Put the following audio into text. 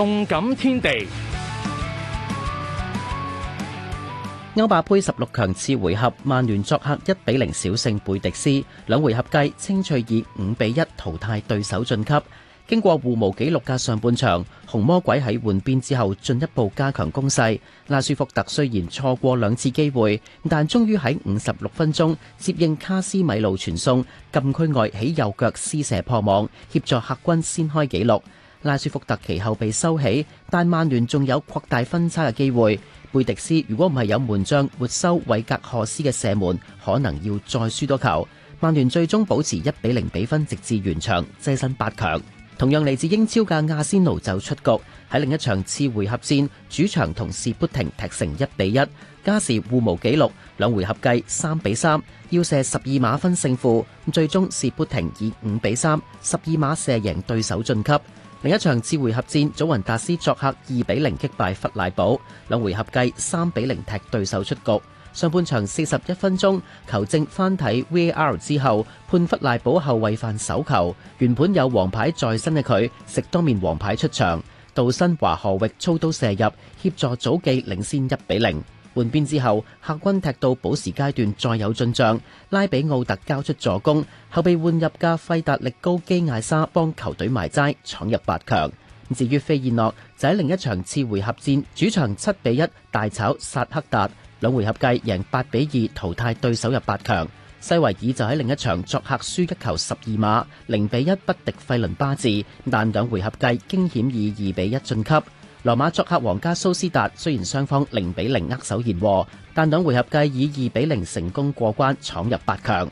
動感天地。歐霸盃十六強次回合，曼聯作客一比零小勝貝迪斯，兩回合計清脆以五比一淘汰對手晉級。經過互無紀錄嘅上半場，紅魔鬼喺換邊之後進一步加強攻勢。拉舒福特雖然錯過兩次機會，但終於喺五十六分鐘接應卡斯米路傳送，禁區外起右腳施射破網，協助客軍先開紀錄。拉舒福特其後被收起，但曼聯仲有擴大分差嘅機會。貝迪斯如果唔係有門將沒收韋格霍斯嘅射門，可能要再輸多球。曼聯最終保持一比零比分，直至完場，躋身八強。同樣嚟自英超嘅阿仙奴就出局。喺另一場次回合戰主場同士砵亭踢成一比一，加時互無紀錄，兩回合計三比三，要射十二碼分勝負。最終士砵亭以五比三，十二碼射贏對手晉級。另一場次回合戰，祖雲達斯作客二比零擊敗弗賴堡，兩回合計三比零踢對手出局。上半場四十一分鐘，球證翻睇 VR 之後判弗賴堡後衞犯手球，原本有黃牌在身嘅佢食多面黃牌出場。杜新華何域操刀射入，協助祖記領先一比零。換邊之後，客軍踢到補時階段再有進賬，拉比奧特交出助攻，後備換入加費達力高基艾沙幫球隊埋齋，闖入八強。至於費爾諾就喺另一場次回合戰主場七比一大炒薩克達，兩回合計贏八比二淘汰對手入八強。西維爾就喺另一場作客輸一球十二碼零比一不敵費倫巴治，但兩回合計驚險以二比一晉級。羅馬作客皇家蘇斯達，雖然雙方零比零握手言和，但兩回合計以二比零成功過關，闖入八強。